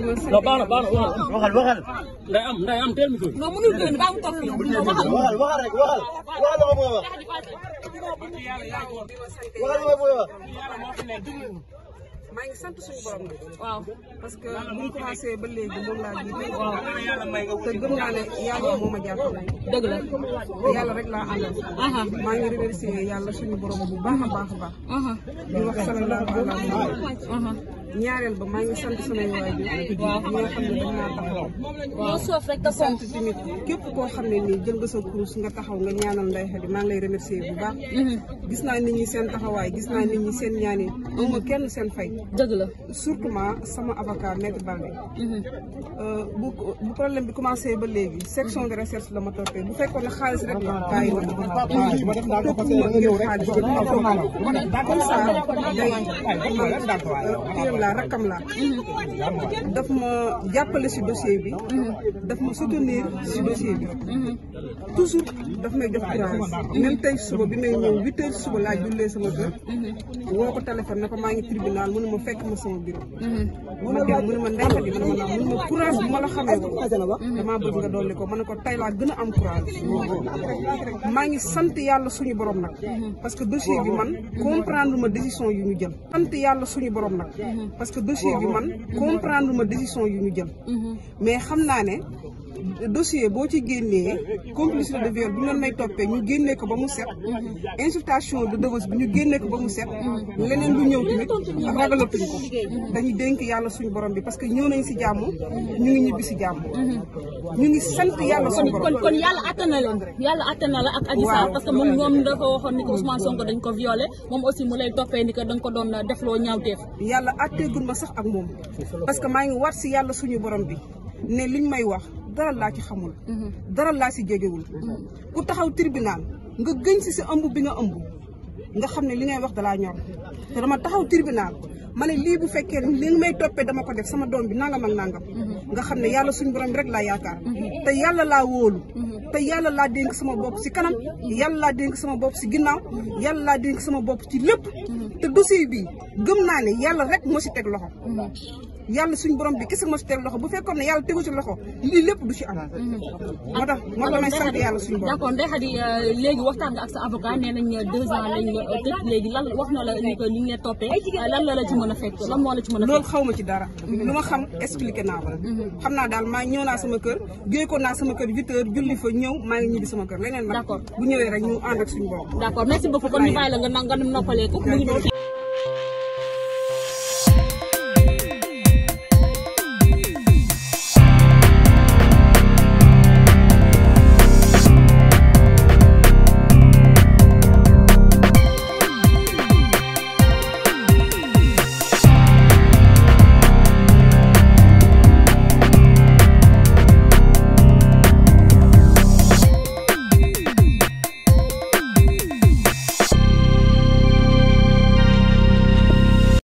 non baax na baax na waxal waxal. nday am nday am teel mi tuuti. non mënul génn baax mu toog waxal waxal rek waxal waxal la ma bëgg a wax. waxal la ma bëgg a wax. maa ngi sant suñu borom nag. waaw parce que bu ñu commencé ba léegi moom laa jiite. waaw te gëm naa ne yàlla moo ma jàppale. dëgg la yàlla rek laa àndal. maa ngi remercier yàlla suñu borom bu baax a baax a baax. di wax salaamaaleykum. ñaareel ba maa ngi sant samay waajur ñi nga xam ne dañ sant tamit képp koo xam ne nii jël nga sa kurus nga taxaw nga ñaanal Ndeye Khady maa ngi lay remercier bu baax gis naa nit ñi seen taxawaay gis naa nit ñi seen ñaani ama kenn seen fay dëgg la surtout sama avocat maître Balde bu bu problème bi commencé ba léegi section de recherche la ma toppee bu fekkoon ne xaalis rek la bàyyi woon tëkkuma ngir xaalis rek comme ça day laa rakkam laa daf ma jàppale si dossier bi daf ma soutenir si dossier bi toujours daf may jox courage même tey suba bi may ñëw huit heures suba laa jullee sama kër woo ko téléphone na ko maa ngi tribunal mënu ma fekk ma sama bureau ma dem mënu ma ndeykat yi mënu ma naa mënu ma courage bu ma la xamee woon damaa bëgg nga dolli ko ma ne ko tey laa gën a am courage maa ngi sant yàlla suñu borom nag parce que dossier bi man comprendre ma décision yu ñu jël sant yàlla suñu borom nag parce que dossier bi man comprendre ma décision yu ñu jël mhm. mais xam naa ne dossier boo ci génnee complicité de viol bu ñu lay toppee ñu génnee ko ba mu set insultation de dëvës bi ko ba mu set leneen lu ñëw tamit ragalatuñ ko dañuy yàlla suñu borom bi parce que ñëw nañ si jàmm ñu ngi ñibbi si jàmm ngi sant yàlla suñu borom kon kon yàlla attan na leen yàlla attan na que moom ko Ousmane Sonko dañ ko doon defloo ñaawteef yàlla atteegul ma sax ak moom parce que maa ngi waat si yàlla suñu borom bi ne ñu may wax dara laa ci xamul. Mhm. dara laa ci jegewul. Mhm. ku taxaw tribunal nga gëñ si si ëmb bi nga ëmb nga xam ne li ngay wax dalaa ñor te dama taxaw tribunal ma ne lii bu fekkee li may toppee dama ko def sama doom bi nangam ak nangam. Mhm. nga xam ne yàlla suñu borom rek laa yaakaar. te yàlla laa wóolu. te yàlla laa dénk sama bopp si kanam. yàlla laa dénk sama bopp si ginnaaw. yàlla laa dénk sama bopp ci lépp. te dossier bi gëm naa ne yàlla rek moo ci teg loxo. yàlla suñu borom bi kese moo ci teg loxo bu fekkoon ne yàlla tegu ci loxo lii lépp du ci am. moo tax moo tax may sant euh, euh, la euh, tëj léegi na a fekk lan a loolu xaw ma ci dara. lu ma xam expliqué naa ko. Mhm. xam naa daal maa ñëw naa sama kër géey ko naa sama kër huit heures julli fa ñëw maa ngi ñibbi sama kër leneen. d'accord bu ñëwee rek ñu ànd ak borom. d'accord merci beaucoup kon ñu bàyyi la nga nga dem noppaleeku